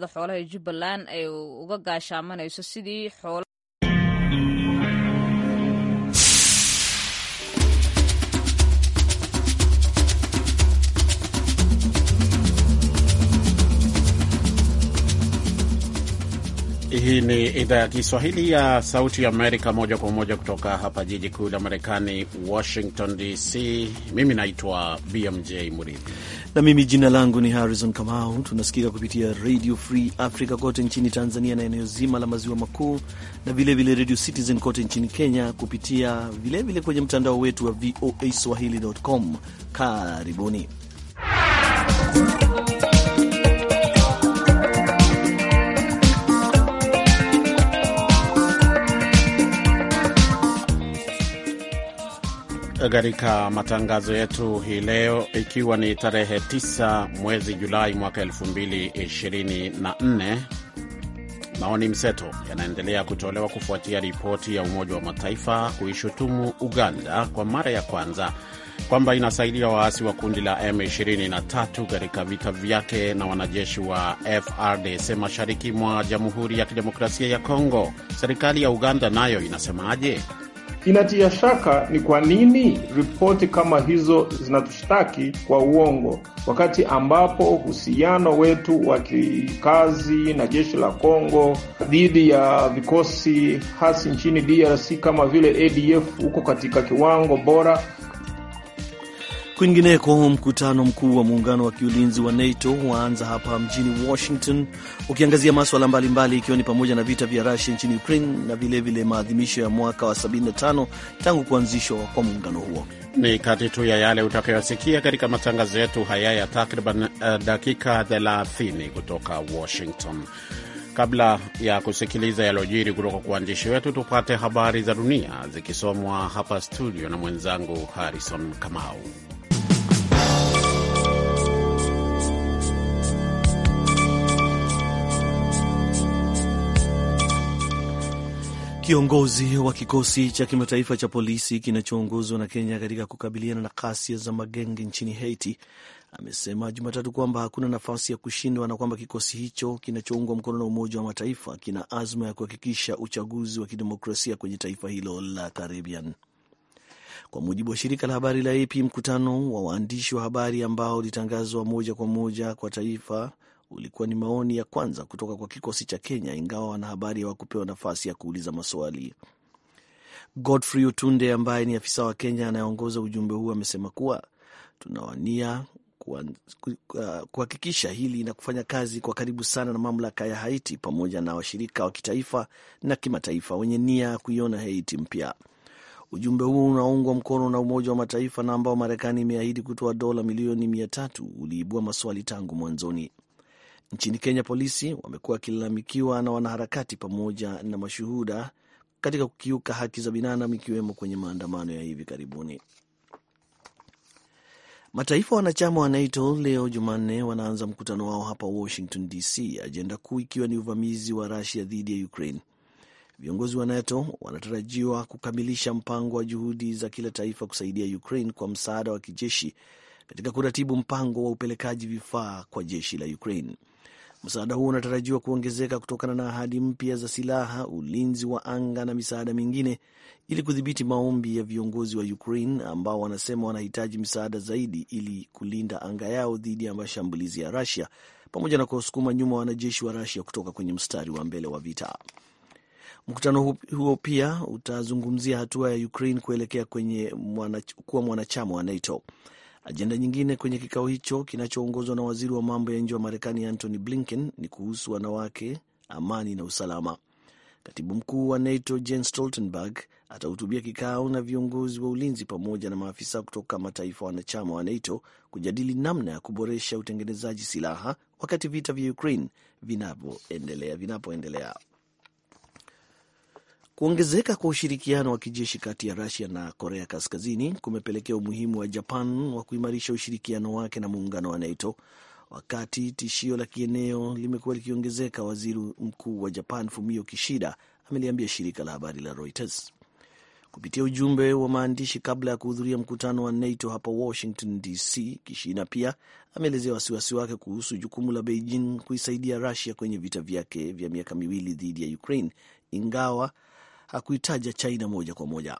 da xoolaha jubbaland ay uga gaashaamanayso sidii xoolo Hii ni idhaa ya Kiswahili ya Sauti ya Amerika, moja kwa moja kutoka hapa jiji kuu la Marekani, Washington DC. Mimi naitwa BMJ mridhi na mimi jina langu ni Harrison Kamau. Tunasikika kupitia Radio Free Africa kote nchini Tanzania na eneo zima la maziwa makuu na vilevile Radio Citizen kote nchini Kenya, kupitia vilevile vile kwenye mtandao wetu wa voa swahili.com. Karibuni katika matangazo yetu hii leo, ikiwa ni tarehe 9 mwezi Julai mwaka 2024. Maoni mseto yanaendelea kutolewa kufuatia ripoti ya Umoja wa Mataifa kuishutumu Uganda kwa mara ya kwanza kwamba inasaidia waasi wa kundi la M23 katika vita vyake na wanajeshi wa FRDC mashariki mwa Jamhuri ya Kidemokrasia ya Kongo. Serikali ya Uganda nayo inasemaje? Inatia shaka ni kwa nini ripoti kama hizo zinatushtaki kwa uongo, wakati ambapo uhusiano wetu wa kikazi na jeshi la Kongo dhidi ya vikosi hasi nchini DRC kama vile ADF huko katika kiwango bora Kwingineko, mkutano mkuu wa muungano wa kiulinzi wa NATO waanza hapa mjini Washington, ukiangazia maswala mbalimbali, ikiwa ni pamoja na vita vya Rusia nchini Ukraine na vilevile maadhimisho ya mwaka wa 75 tangu kuanzishwa kwa muungano huo. Ni kati tu ya yale utakayosikia katika matangazo yetu haya ya takriban uh, dakika 30 kutoka Washington. Kabla ya kusikiliza yaliyojiri kutoka kwa waandishi wetu, tupate habari za dunia zikisomwa hapa studio na mwenzangu Harrison Kamau. Kiongozi wa kikosi cha kimataifa cha polisi kinachoongozwa na Kenya katika kukabiliana na ghasia za magenge nchini Haiti amesema Jumatatu kwamba hakuna nafasi ya kushindwa na kwamba kikosi hicho kinachoungwa mkono na Umoja wa Mataifa kina azma ya kuhakikisha uchaguzi wa kidemokrasia kwenye taifa hilo la Caribbean. Kwa mujibu wa shirika la habari la AP, mkutano wa waandishi wa habari ambao ulitangazwa moja kwa moja kwa taifa ulikuwa ni maoni ya kwanza kutoka kwa kikosi cha Kenya, ingawa wanahabari hawakupewa nafasi ya kuuliza maswali. Godfrey Utunde ambaye ni afisa wa Kenya anayeongoza ujumbe huu amesema kuwa tunawania uh, kuhakikisha hili na kufanya kazi kwa karibu sana na mamlaka ya Haiti pamoja na washirika wa kitaifa na kimataifa wenye nia ya kuiona Haiti mpya. Ujumbe huo unaungwa mkono na Umoja wa Mataifa na ambao Marekani imeahidi kutoa dola milioni mia tatu uliibua maswali tangu mwanzoni. Nchini Kenya, polisi wamekuwa wakilalamikiwa na wanaharakati pamoja na mashuhuda katika kukiuka haki za binadamu, ikiwemo kwenye maandamano ya hivi karibuni. Mataifa wanachama wa NATO leo Jumanne wanaanza mkutano wao hapa Washington DC, ajenda kuu ikiwa ni uvamizi wa Rusia dhidi ya Ukraine. Viongozi wa NATO wanatarajiwa kukamilisha mpango wa juhudi za kila taifa kusaidia Ukraine kwa msaada wa kijeshi katika kuratibu mpango wa upelekaji vifaa kwa jeshi la Ukraine. Msaada huo unatarajiwa kuongezeka kutokana na ahadi mpya za silaha, ulinzi wa anga na misaada mingine, ili kudhibiti maombi ya viongozi wa Ukraine ambao wanasema wanahitaji misaada zaidi ili kulinda anga yao dhidi ya mashambulizi ya rasia pamoja na kuwasukuma nyuma wanajeshi wa rasia kutoka kwenye mstari wa mbele wa vita. Mkutano huo pia utazungumzia hatua ya Ukraine kuelekea kwenye mwana, kuwa mwanachama wa NATO. Ajenda nyingine kwenye kikao hicho kinachoongozwa na waziri wa mambo ya nje wa Marekani Antony Blinken ni kuhusu wanawake, amani na usalama. Katibu mkuu wa NATO Jens Stoltenberg atahutubia kikao na viongozi wa ulinzi pamoja na maafisa kutoka mataifa wanachama wa NATO kujadili namna ya kuboresha utengenezaji silaha wakati vita vya Ukraine vinapoendelea. Kuongezeka kwa ushirikiano wa kijeshi kati ya Rusia na Korea Kaskazini kumepelekea umuhimu wa Japan wa kuimarisha ushirikiano wake na muungano wa NATO wakati tishio la kieneo limekuwa likiongezeka. Waziri mkuu wa Japan Fumio Kishida ameliambia shirika la habari la Reuters kupitia ujumbe wa maandishi kabla ya kuhudhuria mkutano wa NATO hapa Washington DC. Kishida pia ameelezea wasiwasi wake kuhusu jukumu la Beijing kuisaidia Rusia kwenye vita vyake vya miaka miwili dhidi ya Ukraine, ingawa hakuitaja China moja kwa moja.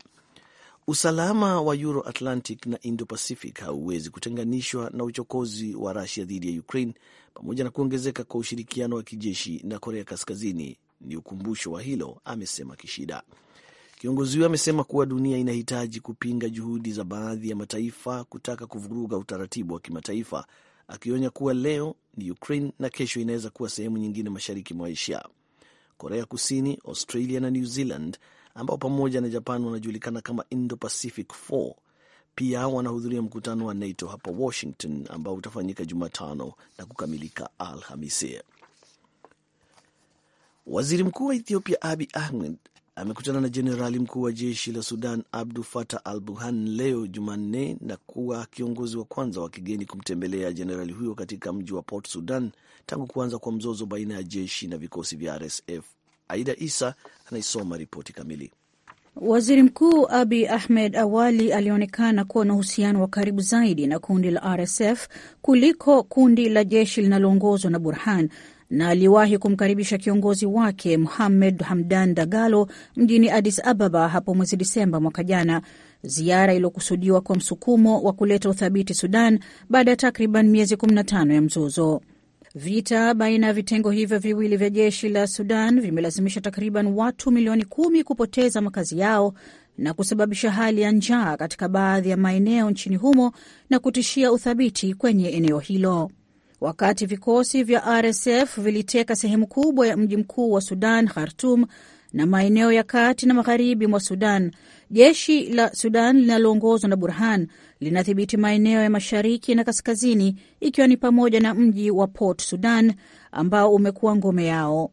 Usalama wa Euro Atlantic na Indo Pacific hauwezi kutenganishwa na uchokozi wa Rusia dhidi ya Ukraine, pamoja na kuongezeka kwa ushirikiano wa kijeshi na Korea Kaskazini ni ukumbusho wa hilo, amesema Kishida. Kiongozi huyo amesema kuwa dunia inahitaji kupinga juhudi za baadhi ya mataifa kutaka kuvuruga utaratibu wa kimataifa, akionya kuwa leo ni Ukraine na kesho inaweza kuwa sehemu nyingine mashariki mwa Asia. Korea Kusini, Australia na New Zealand ambao pamoja na Japan wanajulikana kama Indo-Pacific 4 pia wanahudhuria mkutano wa NATO hapa Washington ambao utafanyika Jumatano na kukamilika Alhamisi. Waziri Mkuu wa Ethiopia Abi Ahmed amekutana na jenerali mkuu wa jeshi la Sudan Abdu Fatah al Buhan leo Jumanne na kuwa kiongozi wa kwanza wa kigeni kumtembelea jenerali huyo katika mji wa Port Sudan tangu kuanza kwa mzozo baina ya jeshi na vikosi vya RSF. Aida Isa anaisoma ripoti kamili. Waziri Mkuu Abi Ahmed awali alionekana kuwa na uhusiano wa karibu zaidi na kundi la RSF kuliko kundi la jeshi linaloongozwa na Burhan, na aliwahi kumkaribisha kiongozi wake muhamed Hamdan Dagalo mjini Addis Ababa hapo mwezi Disemba mwaka jana, ziara iliyokusudiwa kwa msukumo wa kuleta uthabiti Sudan baada ya takriban miezi 15 ya mzozo. Vita baina ya vitengo hivyo viwili vya jeshi la Sudan vimelazimisha takriban watu milioni kumi kupoteza makazi yao na kusababisha hali ya njaa katika baadhi ya maeneo nchini humo na kutishia uthabiti kwenye eneo hilo wakati vikosi vya RSF viliteka sehemu kubwa ya mji mkuu wa Sudan, Khartum, na maeneo ya kati na magharibi mwa Sudan. Jeshi la Sudan linaloongozwa na Burhan linadhibiti maeneo ya mashariki na kaskazini, ikiwa ni pamoja na mji wa Port Sudan ambao umekuwa ngome yao.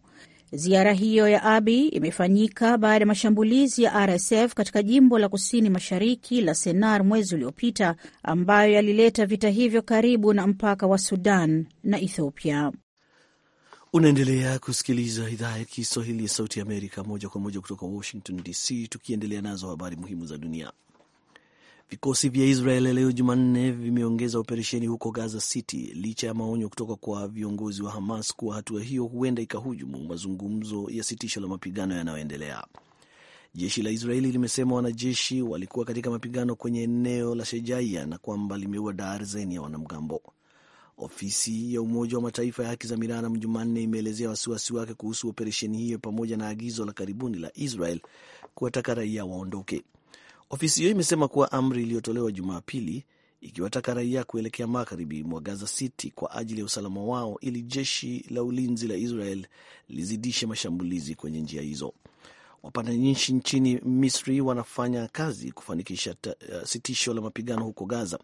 Ziara hiyo ya Abi imefanyika baada ya mashambulizi ya RSF katika jimbo la kusini mashariki la Sennar mwezi uliopita, ambayo yalileta vita hivyo karibu na mpaka wa Sudan na Ethiopia. Unaendelea kusikiliza idhaa ya Kiswahili ya Sauti ya Amerika moja kwa moja kutoka Washington DC, tukiendelea nazo habari muhimu za dunia. Vikosi vya Israel leo Jumanne vimeongeza operesheni huko Gaza City licha ya maonyo kutoka kwa viongozi wa Hamas kuwa hatua hiyo huenda ikahujumu mazungumzo ya sitisho la mapigano yanayoendelea. Jeshi la Israeli limesema wanajeshi walikuwa katika mapigano kwenye eneo la Shejaia na kwamba limeua darzeni ya wanamgambo. Ofisi ya Umoja wa Mataifa ya haki za binadamu Jumanne imeelezea wasiwasi wake kuhusu operesheni hiyo pamoja na agizo la karibuni la Israel kuwataka raia waondoke. Ofisi hiyo imesema kuwa amri iliyotolewa Jumapili ikiwataka raia kuelekea magharibi mwa Gaza City kwa ajili ya usalama wao ili jeshi la ulinzi la Israel lizidishe mashambulizi kwenye njia hizo. Wapatanishi nchini Misri wanafanya kazi kufanikisha uh, sitisho la mapigano huko Gaza,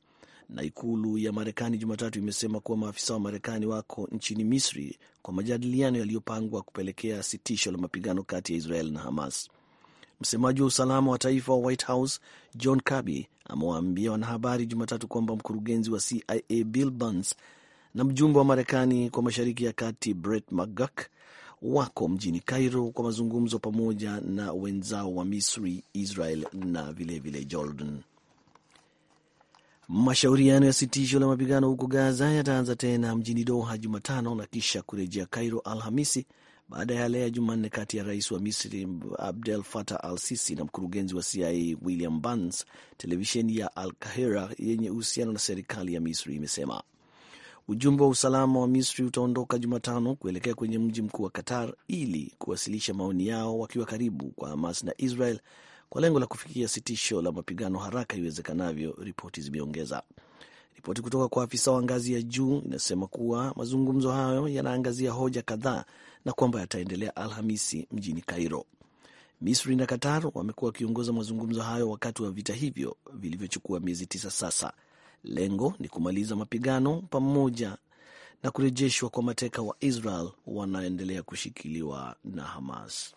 na ikulu ya Marekani Jumatatu imesema kuwa maafisa wa Marekani wako nchini Misri kwa majadiliano yaliyopangwa kupelekea sitisho la mapigano kati ya Israel na Hamas. Msemaji wa usalama wa taifa wa White House John Kirby amewaambia wanahabari Jumatatu kwamba mkurugenzi wa CIA Bill Burns na mjumbe wa Marekani kwa mashariki ya kati Brett McGurk wako mjini Cairo kwa mazungumzo pamoja na wenzao wa Misri, Israel na vilevile vile Jordan. Mashauriano ya sitisho la mapigano huko Gaza yataanza tena mjini Doha Jumatano na kisha kurejea Cairo Alhamisi baada ya yale ya Jumanne kati ya rais wa Misri Abdel Fattah al Sisi na mkurugenzi wa CIA William Burns. Televisheni ya Al Kahira yenye uhusiano na serikali ya Misri imesema ujumbe wa usalama wa Misri utaondoka Jumatano kuelekea kwenye mji mkuu wa Qatar ili kuwasilisha maoni yao wakiwa karibu kwa Hamas na Israel kwa lengo la kufikia sitisho la mapigano haraka iwezekanavyo, ripoti zimeongeza. Ripoti kutoka kwa afisa wa ngazi ya juu inasema kuwa mazungumzo hayo yanaangazia hoja kadhaa na kwamba yataendelea Alhamisi mjini Cairo. Misri na Qatar wamekuwa wakiongoza mazungumzo hayo wakati wa vita hivyo vilivyochukua miezi tisa sasa. Lengo ni kumaliza mapigano pamoja na kurejeshwa kwa mateka wa Israel wanaendelea kushikiliwa na Hamas.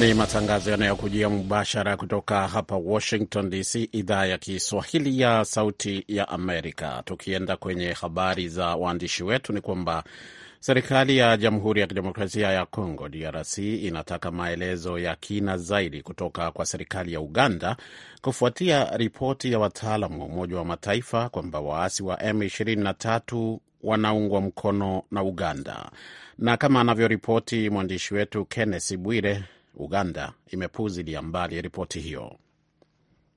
Ni matangazo yanayokujia mubashara kutoka hapa Washington DC, idhaa ya Kiswahili ya Sauti ya Amerika. Tukienda kwenye habari za waandishi wetu, ni kwamba serikali ya Jamhuri ya Kidemokrasia ya congo DRC, inataka maelezo ya kina zaidi kutoka kwa serikali ya Uganda kufuatia ripoti ya wataalam wa Umoja wa Mataifa kwamba waasi wa M23 wanaungwa mkono na Uganda. Na kama anavyoripoti mwandishi wetu Kennes Bwire, Uganda imepuuzilia mbali ripoti hiyo.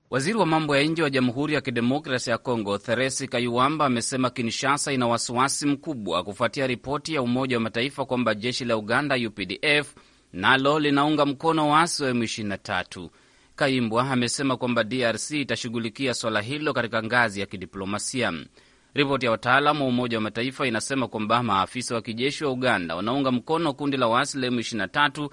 Waziri wa mambo ya nje wa Jamhuri ya Kidemokrasi ya Kongo Theresi Kayuamba amesema Kinshasa ina wasiwasi mkubwa kufuatia ripoti ya Umoja wa Mataifa kwamba jeshi la Uganda UPDF nalo linaunga mkono waasi wa M23. Kaimbwa amesema kwamba DRC itashughulikia swala hilo katika ngazi ya kidiplomasia. Ripoti ya wataalamu wa Umoja wa Mataifa inasema kwamba maafisa wa kijeshi wa Uganda wanaunga mkono kundi la waasi la M23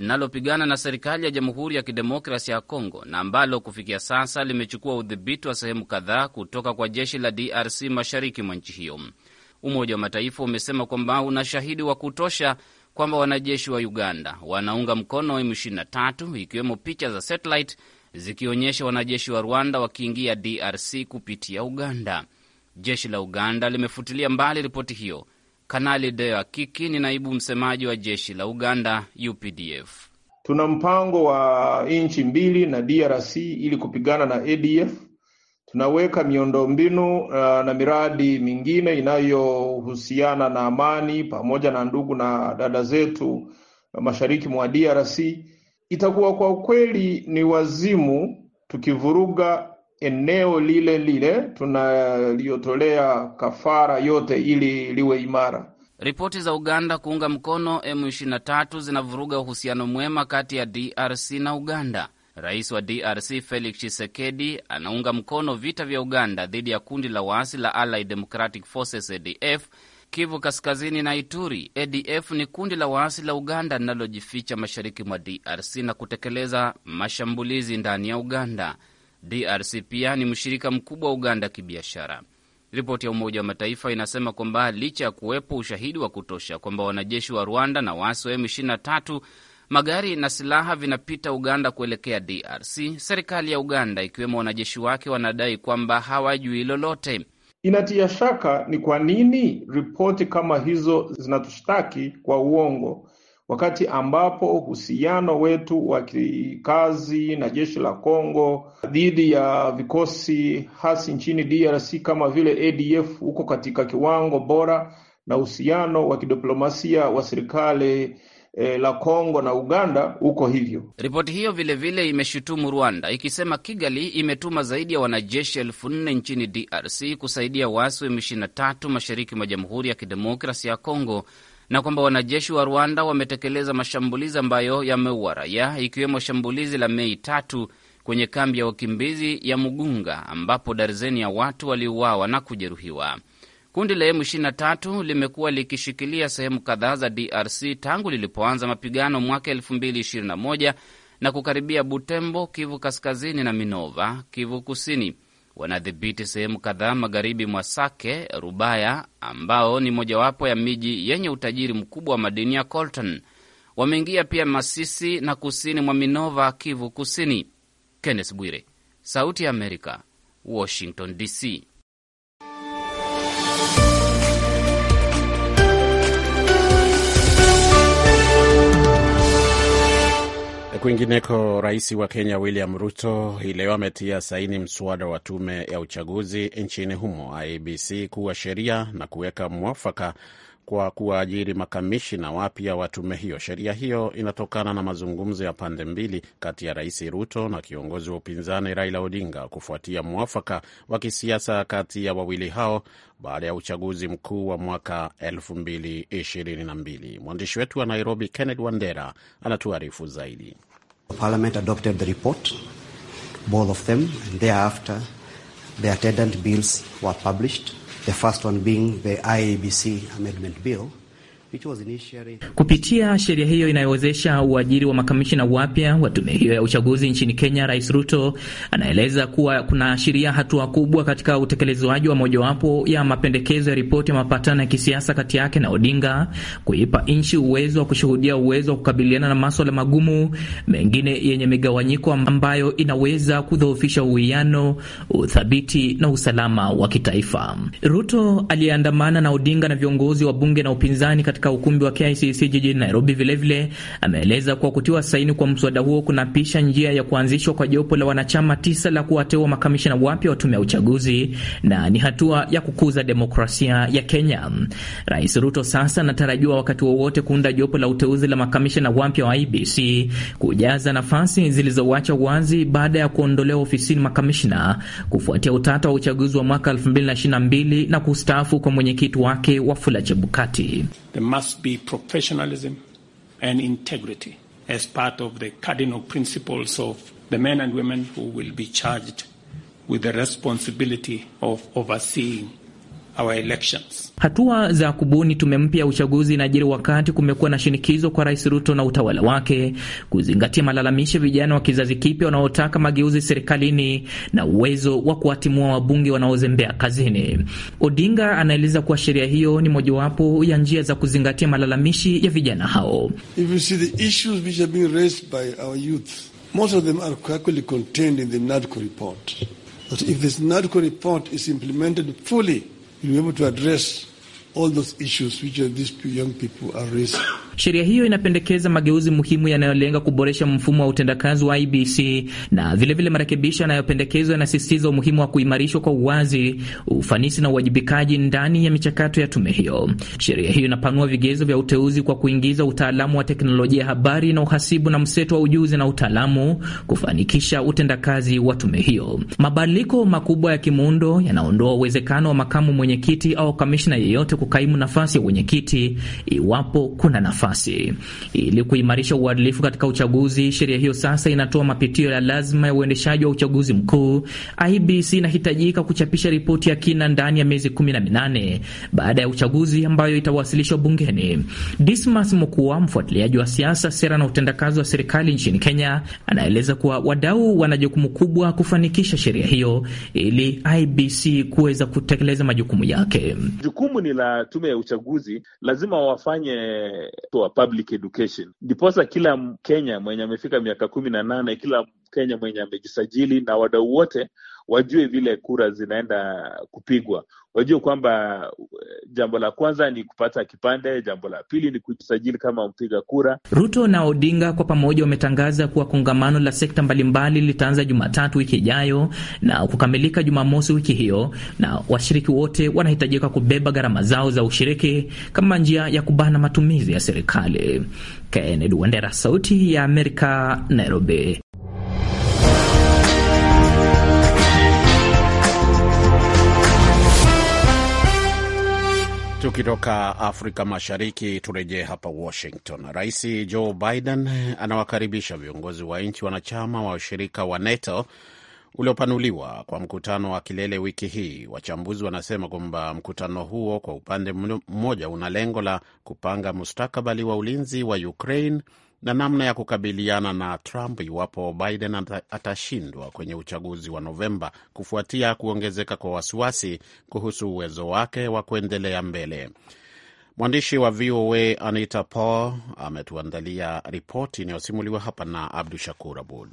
linalopigana na serikali ya Jamhuri ya Kidemokrasia ya Kongo na ambalo kufikia sasa limechukua udhibiti wa sehemu kadhaa kutoka kwa jeshi la DRC mashariki mwa nchi hiyo. Umoja wa Mataifa umesema kwamba una shahidi wa kutosha kwamba wanajeshi wa Uganda wanaunga mkono M23 ikiwemo picha za satellite zikionyesha wanajeshi wa Rwanda wakiingia DRC kupitia Uganda. Jeshi la Uganda limefutilia mbali ripoti hiyo Kanali Deo Akiki ni naibu msemaji wa jeshi la Uganda, UPDF. Tuna mpango wa nchi mbili na DRC ili kupigana na ADF. Tunaweka miundombinu uh, na miradi mingine inayohusiana na amani pamoja na ndugu na dada zetu mashariki mwa DRC. Itakuwa kwa kweli ni wazimu tukivuruga eneo lile lile tunaliotolea kafara yote ili liwe imara. Ripoti za Uganda kuunga mkono M23 zinavuruga uhusiano mwema kati ya DRC na Uganda. Rais wa DRC Felix Tshisekedi anaunga mkono vita vya Uganda dhidi ya kundi la waasi la Allied Democratic Forces ADF Kivu Kaskazini na Ituri. ADF ni kundi la waasi la Uganda linalojificha mashariki mwa DRC na kutekeleza mashambulizi ndani ya Uganda. DRC pia ni mshirika mkubwa wa Uganda kibiashara. Ripoti ya Umoja wa Mataifa inasema kwamba licha ya kuwepo ushahidi wa kutosha kwamba wanajeshi wa Rwanda na waasi wa M23 magari na silaha vinapita Uganda kuelekea DRC, serikali ya Uganda ikiwemo wanajeshi wake wanadai kwamba hawajui lolote. Inatia shaka ni kwa nini ripoti kama hizo zinatushtaki kwa uongo wakati ambapo uhusiano wetu wa kikazi na jeshi la Kongo dhidi ya vikosi hasi nchini DRC kama vile ADF uko katika kiwango bora, na uhusiano wa kidiplomasia wa serikali E, la Kongo na Uganda huko hivyo. Ripoti hiyo vilevile vile imeshutumu Rwanda ikisema Kigali imetuma zaidi ya wanajeshi elfu nne nchini DRC kusaidia waasi wa M23 mashariki mwa Jamhuri ya Kidemokrasi ya Kongo na kwamba wanajeshi wa Rwanda wametekeleza mashambulizi ambayo yameua raia, ikiwemo shambulizi la Mei tatu kwenye kambi ya wakimbizi ya Mugunga ambapo darzeni ya watu waliuawa na kujeruhiwa. Kundi la M23 limekuwa likishikilia sehemu kadhaa za DRC tangu lilipoanza mapigano mwaka 2021 na kukaribia Butembo, Kivu Kaskazini na Minova, Kivu Kusini wanadhibiti sehemu kadhaa magharibi mwa Sake Rubaya, ambao ni mojawapo ya miji yenye utajiri mkubwa wa madini ya coltan. Wameingia pia Masisi na kusini mwa Minova, Kivu Kusini. Kenneth Bwire, Sauti ya Amerika, Washington DC. Kwingineko, rais wa Kenya William Ruto hii leo ametia saini mswada wa tume ya uchaguzi nchini humo IEBC kuwa sheria na kuweka mwafaka kwa kuwaajiri makamishina wapya wa tume hiyo. Sheria hiyo inatokana na mazungumzo ya pande mbili kati ya Rais Ruto na kiongozi wa upinzani Raila Odinga kufuatia mwafaka wa kisiasa kati ya wawili hao baada ya uchaguzi mkuu wa mwaka 2022. Mwandishi wetu wa Nairobi, Kenneth Wandera, anatuarifu zaidi. Parliament adopted the report, both of them, and thereafter the attendant bills were published, the first one being the IABC Amendment Bill. Kupitia sheria hiyo inayowezesha uajiri wa makamishina wapya wa tume hiyo ya uchaguzi nchini Kenya, Rais Ruto anaeleza kuwa kunaashiria hatua kubwa katika utekelezwaji wa mojawapo ya mapendekezo ya ripoti ya mapatano ya kisiasa kati yake na Odinga, kuipa nchi uwezo wa kushuhudia uwezo wa kukabiliana na maswala magumu mengine yenye migawanyiko ambayo inaweza kudhoofisha uwiano, uthabiti na usalama wa kitaifa. Ruto aliyeandamana na Odinga na viongozi wa bunge na upinzani katika katika ukumbi wa KICC jijini Nairobi. Vilevile ameeleza kuwa kutiwa saini kwa mswada huo kunapisha njia ya kuanzishwa kwa jopo la wanachama tisa la kuwateua makamishina wapya wa tume ya uchaguzi na ni hatua ya kukuza demokrasia ya Kenya. Rais Ruto sasa anatarajiwa wakati wowote kuunda jopo la uteuzi la makamishina wapya wa IBC kujaza nafasi zilizowacha wazi baada ya kuondolewa ofisini makamishina kufuatia utata wa uchaguzi wa mwaka 2022 na kustaafu kwa mwenyekiti wake Wafula Chebukati. There must be professionalism and integrity as part of the cardinal principles of the men and women who will be charged with the responsibility of overseeing our elections. Hatua za kubuni tume mpya ya uchaguzi inaajiri wakati kumekuwa na shinikizo kwa Rais Ruto na utawala wake kuzingatia malalamisho vijana wa kizazi kipya wanaotaka mageuzi serikalini na uwezo wa kuwatimua wabunge wanaozembea kazini. Odinga anaeleza kuwa sheria hiyo ni mojawapo ya njia za kuzingatia malalamishi ya vijana hao. If you see the issues which raised by our youth, most of them are contained in the NADCO report. But if this NADCO report is implemented fully, you'll be able to address all those issues which these young people are raising. Sheria hiyo inapendekeza mageuzi muhimu yanayolenga kuboresha mfumo wa utendakazi wa IBC na vilevile, marekebisho yanayopendekezwa yanasisitiza umuhimu wa kuimarishwa kwa uwazi, ufanisi na uwajibikaji ndani ya michakato ya tume hiyo. Sheria hiyo inapanua vigezo vya uteuzi kwa kuingiza utaalamu wa teknolojia habari na uhasibu na mseto wa ujuzi na utaalamu kufanikisha utendakazi wa tume hiyo. Mabadiliko makubwa ya kimuundo yanaondoa uwezekano wa makamu mwenyekiti au kamishna yeyote kukaimu nafasi ya wenyekiti iwapo kuna nafasi. Ili kuimarisha uadilifu katika uchaguzi, sheria hiyo sasa inatoa mapitio ya lazima ya uendeshaji wa uchaguzi mkuu. IBC inahitajika kuchapisha ripoti ya kina ndani ya miezi kumi na minane baada ya uchaguzi ambayo itawasilishwa bungeni. Dismas Mukua, mfuatiliaji wa siasa, sera na utendakazi wa serikali nchini Kenya, anaeleza kuwa wadau wana jukumu kubwa kufanikisha sheria hiyo ili IBC kuweza kutekeleza majukumu yake. Jukumu ni la tume ya uchaguzi lazima wafanye public education, ndiposa kila Mkenya mwenye amefika miaka kumi na nane, kila Mkenya mwenye amejisajili na wadau wote wajue vile kura zinaenda kupigwa wajue kwamba eh, jambo la kwanza ni kupata kipande, jambo la pili ni kujisajili kama mpiga kura. Ruto na Odinga kwa pamoja wametangaza kuwa kongamano la sekta mbalimbali litaanza Jumatatu wiki ijayo na kukamilika Jumamosi wiki hiyo, na washiriki wote wanahitajika kubeba gharama zao za ushiriki kama njia ya kubana matumizi ya serikali. Kennedy Wandera, Sauti ya Amerika, Nairobi. Tukitoka Afrika Mashariki turejee hapa Washington. Rais Joe Biden anawakaribisha viongozi wa nchi wanachama wa ushirika wa NATO uliopanuliwa kwa mkutano wa kilele wiki hii. Wachambuzi wanasema kwamba mkutano huo kwa upande mmoja una lengo la kupanga mustakabali wa ulinzi wa Ukraine na namna ya kukabiliana na Trump iwapo Biden atashindwa kwenye uchaguzi wa Novemba kufuatia kuongezeka kwa wasiwasi kuhusu uwezo wake wa kuendelea mbele. Mwandishi wa VOA Anita Paul ametuandalia ripoti inayosimuliwa hapa na Abdu Shakur Abud.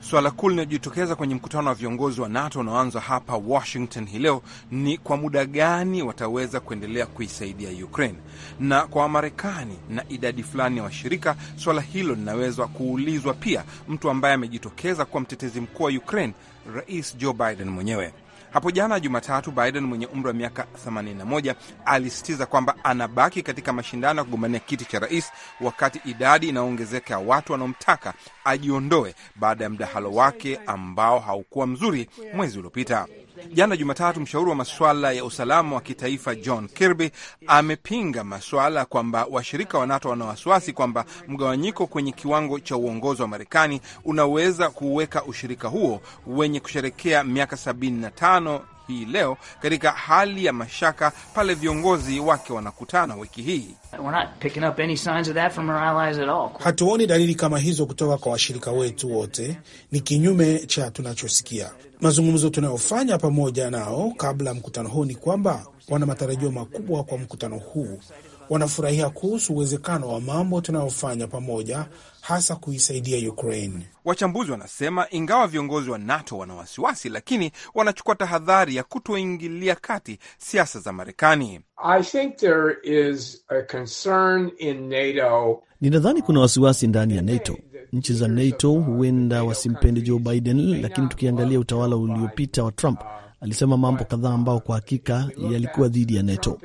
Swala kuu linajitokeza kwenye mkutano wa viongozi wa NATO unaoanza hapa Washington hii leo ni kwa muda gani wataweza kuendelea kuisaidia Ukraine. Na kwa Wamarekani na idadi fulani ya wa washirika, swala hilo linaweza kuulizwa pia mtu ambaye amejitokeza kuwa mtetezi mkuu wa Ukraine, Rais Joe Biden mwenyewe. Hapo jana Jumatatu, Biden mwenye umri wa miaka 81 alisisitiza kwamba anabaki katika mashindano ya kugombania kiti cha rais, wakati idadi inayoongezeka ya watu wanaomtaka ajiondoe baada ya mdahalo wake ambao haukuwa mzuri mwezi uliopita. Jana Jumatatu, mshauri wa masuala ya usalama wa kitaifa John Kirby amepinga masuala kwamba washirika wa NATO wana wasiwasi kwamba mgawanyiko kwenye kiwango cha uongozi wa Marekani unaweza kuweka ushirika huo wenye kusherekea miaka 75 hii leo katika hali ya mashaka pale viongozi wake wanakutana wiki hii. Hatuoni dalili kama hizo kutoka kwa washirika wetu wote, ni kinyume cha tunachosikia. Mazungumzo tunayofanya pamoja nao kabla ya mkutano huu ni kwamba wana matarajio makubwa kwa mkutano huu wanafurahia kuhusu uwezekano wa mambo tunayofanya pamoja, hasa kuisaidia Ukraine. Wachambuzi wanasema ingawa viongozi wa NATO wana wasiwasi, lakini wanachukua tahadhari ya kutoingilia kati siasa za Marekani. Ninadhani kuna wasiwasi ndani ya NATO. Nchi za NATO uh, huenda wasimpende Joe Biden, lakini tukiangalia utawala uliopita wa Trump, alisema mambo kadhaa ambayo kwa hakika yalikuwa dhidi ya NATO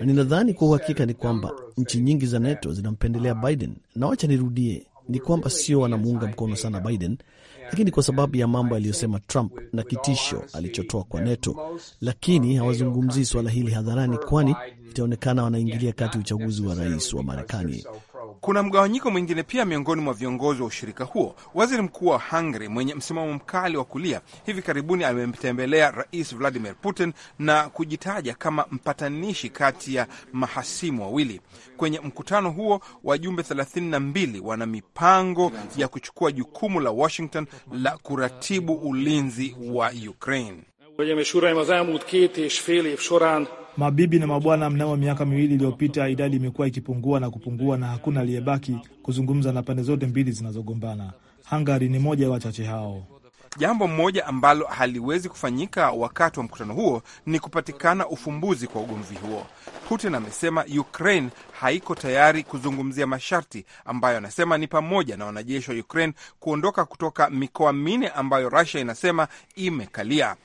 na ninadhani kwa uhakika ni kwamba nchi nyingi za NATO zinampendelea Biden, na wacha nirudie, ni kwamba sio wanamuunga mkono sana Biden, lakini kwa sababu ya mambo aliyosema Trump na kitisho alichotoa kwa NATO, lakini hawazungumzii suala hili hadharani, kwani itaonekana wanaingilia kati uchaguzi wa rais wa Marekani. Kuna mgawanyiko mwingine pia miongoni mwa viongozi wa ushirika huo. Waziri mkuu wa Hungary mwenye msimamo mkali wa kulia hivi karibuni amemtembelea Rais Vladimir Putin na kujitaja kama mpatanishi kati ya mahasimu wawili. Kwenye mkutano huo, wajumbe 32 wana mipango ya kuchukua jukumu la Washington la kuratibu ulinzi wa Ukraine. Mabibi na mabwana, mnamo miaka miwili iliyopita idadi imekuwa ikipungua na kupungua na hakuna aliyebaki kuzungumza na pande zote mbili zinazogombana. Hungary ni moja ya wachache hao. Jambo mmoja ambalo haliwezi kufanyika wakati wa mkutano huo ni kupatikana ufumbuzi kwa ugomvi huo. Putin amesema Ukraine haiko tayari kuzungumzia masharti ambayo anasema ni pamoja na wanajeshi wa Ukraine kuondoka kutoka mikoa minne ambayo Russia inasema imekalia.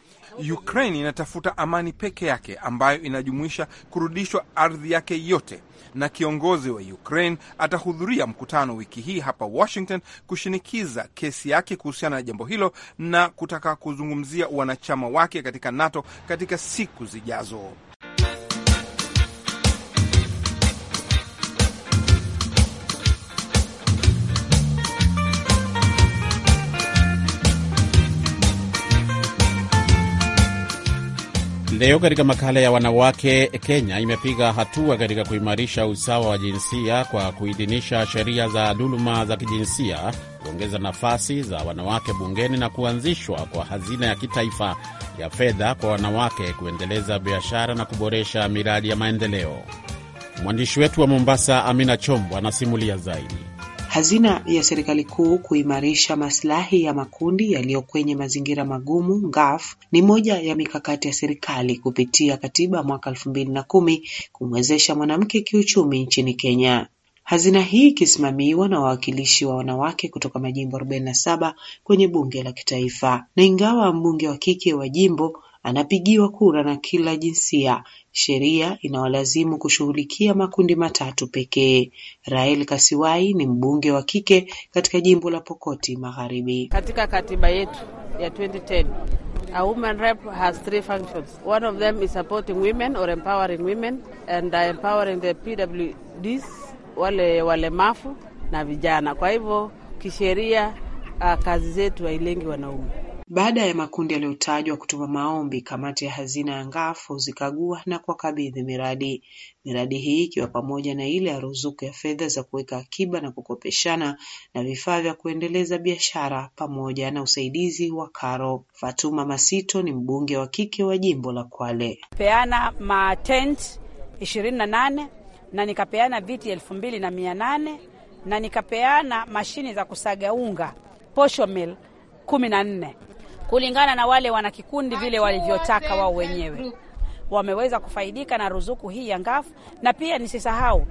Ukraine inatafuta amani peke yake ambayo inajumuisha kurudishwa ardhi yake yote, na kiongozi wa Ukraine atahudhuria mkutano wiki hii hapa Washington kushinikiza kesi yake kuhusiana na jambo hilo na kutaka kuzungumzia wanachama wake katika NATO katika siku zijazo. Leo katika makala ya wanawake, Kenya imepiga hatua katika kuimarisha usawa wa jinsia kwa kuidhinisha sheria za dhuluma za kijinsia, kuongeza nafasi za wanawake bungeni na kuanzishwa kwa hazina ya kitaifa ya fedha kwa wanawake kuendeleza biashara na kuboresha miradi ya maendeleo. Mwandishi wetu wa Mombasa, Amina Chombo, anasimulia zaidi. Hazina ya serikali kuu kuimarisha maslahi ya makundi yaliyo kwenye mazingira magumu (GAF) ni moja ya mikakati ya serikali kupitia katiba mwaka elfu mbili na kumi kumwezesha mwanamke kiuchumi nchini Kenya. Hazina hii ikisimamiwa na wawakilishi wa wanawake kutoka majimbo arobaini na saba kwenye bunge la kitaifa, na ingawa mbunge wa kike wa jimbo anapigiwa kura na kila jinsia Sheria inawalazimu kushughulikia makundi matatu pekee. Rael Kasiwai ni mbunge wa kike katika jimbo la Pokoti Magharibi. Katika katiba yetu ya 2010 a woman rep has three functions. One of them is supporting women or empowering women and uh, empowering the PWDs, wale walemavu na vijana. Kwa hivyo kisheria, uh, kazi zetu hailengi wanaume. Baada ya makundi yaliyotajwa kutuma maombi Kamati ya Hazina ya ngafu zikagua na kuwakabidhi miradi, miradi hii ikiwa pamoja na ile ya ruzuku ya fedha za kuweka akiba na kukopeshana na vifaa vya kuendeleza biashara pamoja na usaidizi wa karo. Fatuma Masito ni mbunge wa kike wa jimbo la Kwale. Peana matent ishirini na nane na nikapeana viti elfu mbili na mia nane na nikapeana mashine za kusaga unga posho mill kumi na nne kulingana na wale wanakikundi vile walivyotaka wao wenyewe wameweza kufaidika na ruzuku hii ya ngafu, na pia nisisahau,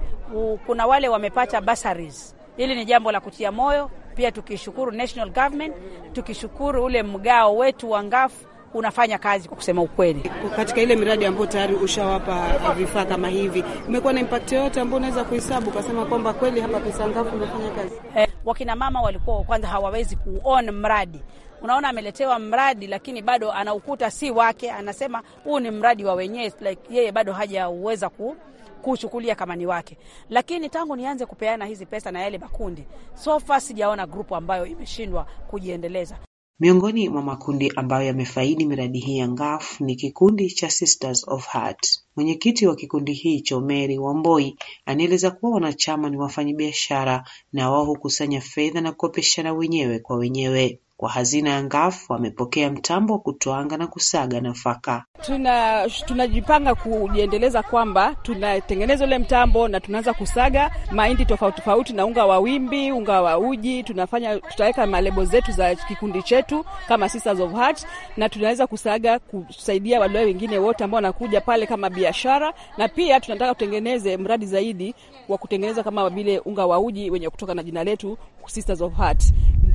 kuna wale wamepata bursaries. Hili ni jambo la kutia moyo pia, tukishukuru national government, tukishukuru ule mgao wetu wa ngafu unafanya kazi kwa kusema ukweli. Katika ile miradi ambayo tayari ushawapa vifaa kama hivi, imekuwa na impact yoyote ambayo unaweza kuhesabu ukasema kwamba kweli hapa pesa ngafu imefanya kazi? Eh, wakina mama walikuwa kwanza hawawezi kuona mradi, unaona ameletewa mradi lakini bado anaukuta si wake, anasema huu ni mradi wa wenyewe, like yeye bado hajaweza ku kuchukulia kama ni wake. Lakini tangu nianze kupeana hizi pesa na yale makundi, so far sijaona grupu ambayo imeshindwa kujiendeleza. Miongoni mwa makundi ambayo yamefaidi miradi hii ya Ngaf ni kikundi cha Sisters of Heart. Mwenyekiti wa kikundi hicho Mary Wamboi anaeleza kuwa wanachama ni wafanyabiashara na wao hukusanya fedha na kukopeshana wenyewe kwa wenyewe kwa hazina ya Ngafu wamepokea mtambo wa kutoanga na kusaga nafaka. Tuna tunajipanga kujiendeleza kwamba tunatengeneza ule mtambo na tunaanza kusaga mahindi tofauti tofauti na unga wa wimbi, unga wa uji. Tunafanya tutaweka malebo zetu za kikundi chetu kama Sisters of Heart, na tunaweza kusaga kusaidia wadau wengine wote ambao wanakuja pale kama biashara, na pia tunataka tutengeneze mradi zaidi wa kutengeneza kama vile unga wa uji wenye kutoka na jina letu Sisters of Heart.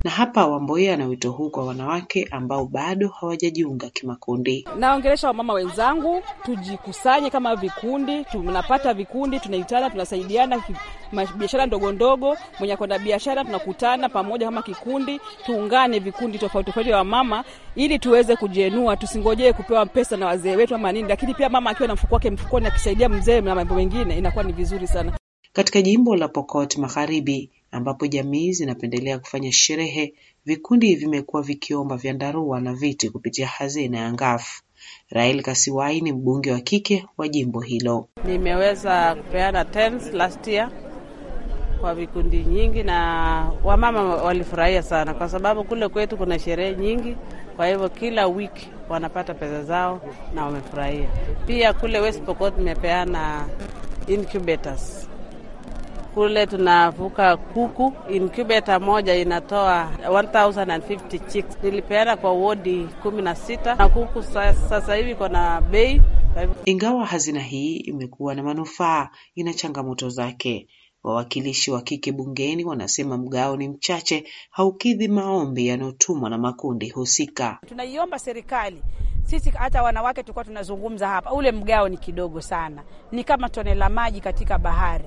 Na hapa Wamboya na wito huu kwa wanawake ambao bado hawajajiunga kimakundi. Naongelesha wamama wenzangu, tujikusanye kama vikundi, tunapata vikundi, tunaitana, tunasaidiana biashara ndogo ndogo, mwenye kwenda biashara tunakutana pamoja kama kikundi, tuungane vikundi tofauti tofauti ya wamama ili tuweze kujienua, tusingojee kupewa pesa na wazee wetu ama nini. Lakini pia mama akiwa na mfuko wake mfukoni akisaidia mzee na mambo mengine, inakuwa ni vizuri sana. Katika jimbo la Pokot Magharibi ambapo jamii zinapendelea kufanya sherehe Vikundi vimekuwa vikiomba vyandarua na viti kupitia Hazina ya Ngafu. Rael Kasiwai ni mbunge wa kike wa jimbo hilo. Nimeweza kupeana last year kwa vikundi nyingi, na wamama walifurahia sana, kwa sababu kule kwetu kuna sherehe nyingi. Kwa hivyo kila wiki wanapata pesa zao na wamefurahia. Pia kule West Pokot nimepeana incubators kule tunavuka kuku, inkubeta moja inatoa 1050 chicks. Nilipeana kwa wodi kumi na sita na kuku sasa hivi iko na bei. Ingawa hazina hii imekuwa na manufaa, ina changamoto zake. Wawakilishi wa kike bungeni wanasema mgao ni mchache, haukidhi maombi yanayotumwa na makundi husika. Tunaiomba serikali sisi hata wanawake tulikuwa tunazungumza hapa, ule mgao ni kidogo sana, ni kama tone la maji katika bahari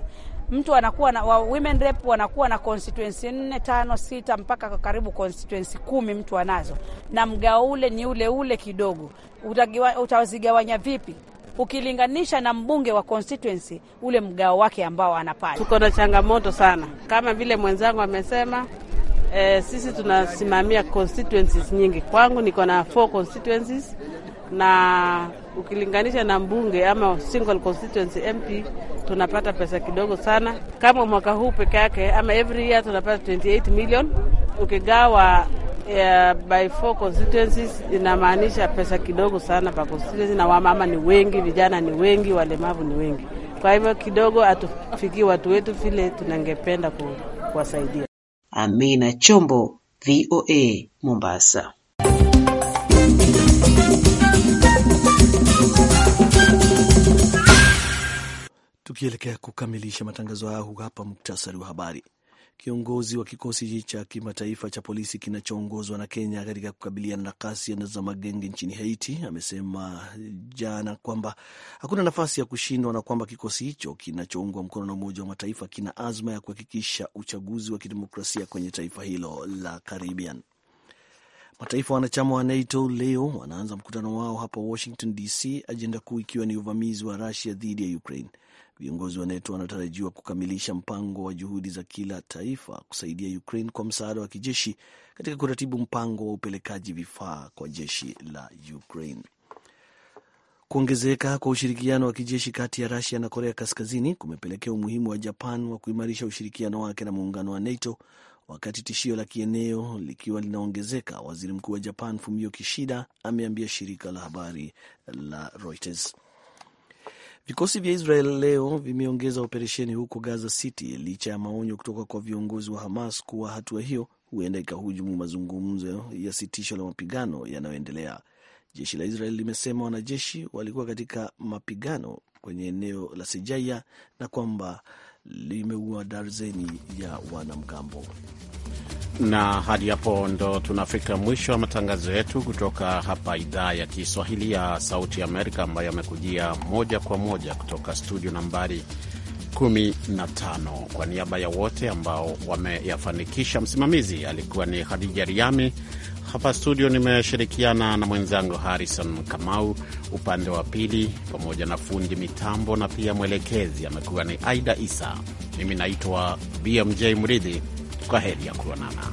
mtu anakuwa na wa women rep wanakuwa na constituency nne tano sita mpaka karibu constituency kumi mtu anazo, na mgao ule ni ule ule kidogo. Utazigawanya vipi ukilinganisha na mbunge wa constituency ule mgao wake ambao anapata? Tuko na changamoto sana, kama vile mwenzangu amesema. Eh, sisi tunasimamia constituencies nyingi. Kwangu niko na four constituencies na ukilinganisha na mbunge ama single constituency MP tunapata pesa kidogo sana. Kama mwaka huu peke yake ama every year tunapata 28 million, ukigawa Yeah, by four constituencies inamaanisha pesa kidogo sana pa constituency, na wamama ni wengi, vijana ni wengi, walemavu ni wengi. Kwa hivyo kidogo hatufikii watu wetu vile tunangependa kuwasaidia. Amina Chombo, VOA, Mombasa. Tukielekea kukamilisha matangazo haya, hapa muktasari wa habari. Kiongozi wa kikosi cha kimataifa cha polisi kinachoongozwa na Kenya katika kukabiliana na kasi za magenge nchini Haiti amesema jana kwamba hakuna nafasi ya kushindwa na kwamba kikosi hicho kinachoungwa mkono na Umoja wa Mataifa kina azma ya kuhakikisha uchaguzi wa kidemokrasia kwenye taifa hilo la Caribbean. Mataifa wanachama wa NATO leo wanaanza mkutano wao hapa Washington DC, ajenda kuu ikiwa ni uvamizi wa Rusia dhidi ya Ukraine. Viongozi wa NATO wanatarajiwa kukamilisha mpango wa juhudi za kila taifa kusaidia Ukraine kwa msaada wa kijeshi katika kuratibu mpango wa upelekaji vifaa kwa jeshi la Ukraine. Kuongezeka kwa ushirikiano wa kijeshi kati ya Rusia na Korea Kaskazini kumepelekea umuhimu wa Japan wa kuimarisha ushirikiano wake na muungano wa NATO wakati tishio la kieneo likiwa linaongezeka. Waziri Mkuu wa Japan Fumio Kishida ameambia shirika la habari la Reuters. Vikosi vya Israel leo vimeongeza operesheni huko Gaza City licha ya maonyo kutoka kwa viongozi wa Hamas kuwa hatua hiyo huenda ikahujumu mazungumzo ya sitisho la mapigano yanayoendelea. Jeshi la Israel limesema wanajeshi walikuwa katika mapigano kwenye eneo la Sejaia na kwamba limeua darzeni ya wanamgambo na hadi hapo ndo tunafika mwisho wa matangazo yetu kutoka hapa idhaa ya Kiswahili ya Sauti Amerika, ambayo yamekujia moja kwa moja kutoka studio nambari 15. Kwa niaba ya wote ambao wameyafanikisha, msimamizi alikuwa ni Khadija Riami. Hapa studio nimeshirikiana na mwenzangu Harrison Kamau upande wa pili, pamoja na fundi mitambo na pia mwelekezi amekuwa ni Aida Isa. Mimi naitwa BMJ Mridhi. Kwa heri ya kuonana.